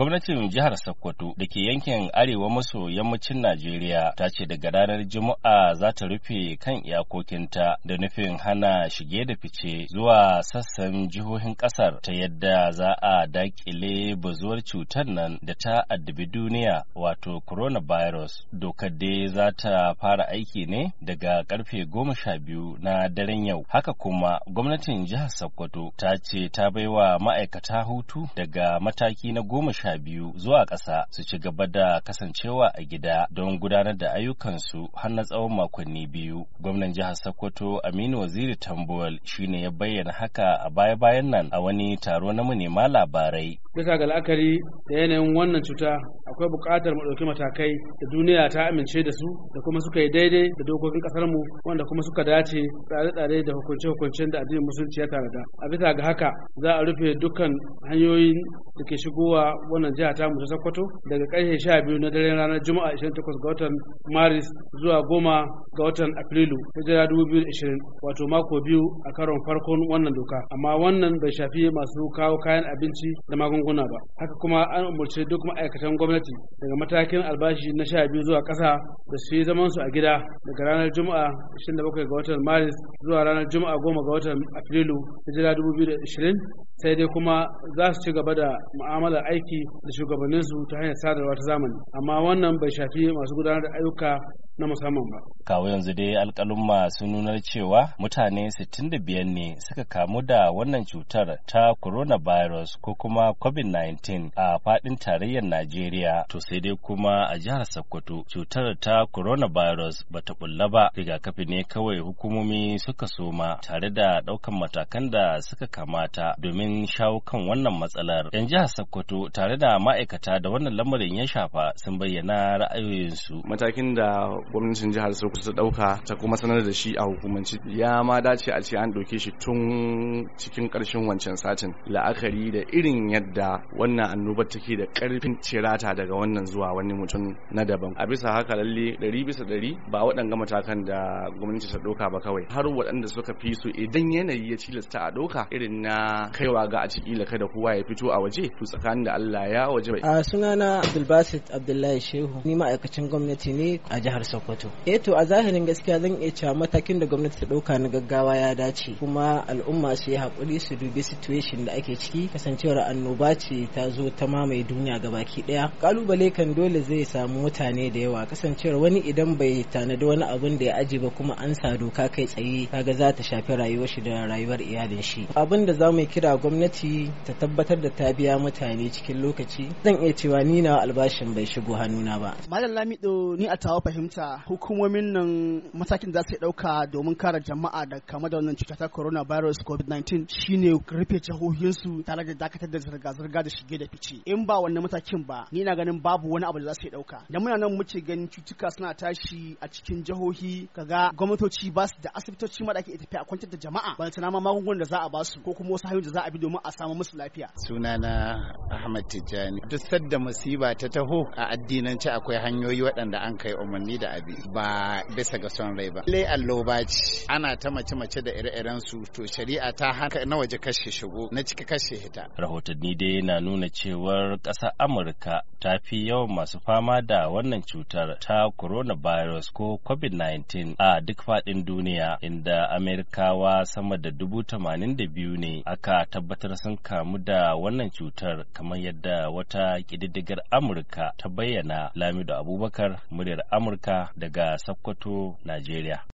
Gwamnatin jihar Sokoto da ke yankin arewa maso yammacin Najeriya ta ce daga ranar Juma'a za ta rufe kan iyakokinta da nufin hana shige da fice zuwa sassan jihohin kasar ta yadda za a dakile bazuwar cutar nan da ta addabi duniya wato coronavirus. Dokar dai za ta fara aiki ne daga karfe goma sha biyu na daren yau. Haka kuma gwamnatin jihar Sokoto ta ce ta baiwa ma'aikata hutu daga mataki na goma sha wata biyu zuwa ƙasa su ci gaba da kasancewa a gida don gudanar da ayyukansu har na tsawon makonni biyu. Gwamnan jihar Sokoto Aminu Waziri Tambuwal shine ya bayyana haka a baya-bayan nan a wani taro na manema labarai. Bisa ga la'akari da yanayin wannan cuta akwai buƙatar mu ɗauki matakai da duniya ta amince da su da kuma suka yi daidai da dokokin ƙasar mu wanda kuma suka dace tsare-tsare da hukunce-hukuncen da addinin musulunci ya da. a bisa ga haka za a rufe dukkan hanyoyin da ke shigowa wannan jiha ta ta Sokoto daga ƙarfe sha biyu na daren ranar Juma'a 28 ga watan Maris zuwa goma ga watan Afrilu jira 2020 wato mako biyu a karon farkon wannan doka amma wannan bai shafi masu kawo kayan abinci da magunguna ba haka kuma an umarci duk ma'aikatan gwamnati gwamnati daga matakin albashi na sha biyu zuwa ƙasa da su yi zamansu a gida daga ranar Juma'a 27 ga watan Maris zuwa ranar Juma'a 10 ga watan Afrilu hijira 2020 sai dai kuma za su ci gaba da mu'amalar aiki da shugabanninsu ta hanyar sadarwa ta zamani amma wannan bai shafi masu gudanar da ayyuka na musamman ba. Kawo yanzu dai alkalumma sun nunar cewa mutane 65 ne suka kamu da wannan cutar ta coronavirus ko kuma COVID-19 a fadin tarayyar Najeriya. To sai dai kuma a jihar Sokoto cutar ta coronavirus ba ta bulla ba rigakafi ne kawai hukumomi suka soma tare da daukan matakan da suka kamata domin shawo kan wannan matsalar. 'Yan jihar Sokoto tare da ma'aikata da wannan lamarin ya shafa sun bayyana ra'ayoyinsu. Matakin da gwamnatin jihar su ta dauka ta kuma sanar da shi a hukumance ya ma dace a ce an ɗauke shi tun cikin ƙarshen wancan satin la'akari da irin yadda wannan annobar take da karfin cirata daga wannan zuwa wani mutum na daban a bisa haka lalle ɗari bisa ɗari ba waɗanga matakan da gwamnati ta ɗauka ba kawai har waɗanda suka fi su idan yanayi ya tilasta a ɗauka irin na kaiwa ga a ciki la kada kowa ya fito a waje to tsakanin da Allah ya waje bai a sunana Abdulbasit Abdullahi Shehu ni ma'aikacin gwamnati ne a jihar Sokoto. Eh to a zahirin gaskiya zan iya cewa matakin da gwamnati ta dauka na gaggawa ya dace kuma al'umma su yi hakuri su dubi situation da ake ciki kasancewar annoba ce ta zo ta mamaye duniya ga baki daya. Kalubale kan dole zai samu mutane da yawa kasancewar wani idan bai tanadi wani abun da ya aje ba kuma an sa doka kai tsaye kaga za ta shafi rayuwar shi da rayuwar iyalin shi. Abin da za mu kira gwamnati ta tabbatar da ta biya mutane cikin lokaci zan iya cewa ni na albashin bai shigo hannuna ba. Malam Lamido ni a tawa fahimta bisa hukumomin nan matakin za su dauka domin kare jama'a da kama da wannan cuta ta coronavirus covid-19 shine rufe jihohinsu tare da dakatar da zirga-zirga da shige da fice in ba wannan matakin ba ni na ganin babu wani abu da za su dauka da muna nan muke ganin cutuka suna tashi a cikin jihohi kaga gwamnatoci ba su da asibitoci ma da ake tafiya a kwantar da jama'a ba ma magungunan da za a ba su ko kuma wasu hanyoyin da za a bi domin a samu musu lafiya sunana Ahmad Tijjani. Duk sadda musiba ta taho a addinance akwai hanyoyi waɗanda an kai umarni da abi ba bisa ga son rai ba. Lai alloba ana ta mace-mace da ire-iren su to shari'a ta hana na waje kashe shigo na ciki kashe hita. Rahotanni dai na nuna cewar ƙasar Amurka ta fi yawan masu fama da wannan cutar ta Corona Virus ko COVID-19 a duk faɗin duniya inda Amerikawa sama da dubu tamanin da biyu ne aka tabbatar sun kamu da wannan cutar kamar yadda wata ƙididdigar Amurka ta bayyana Lamido Abubakar muryar Amurka daga Sokoto, Najeriya.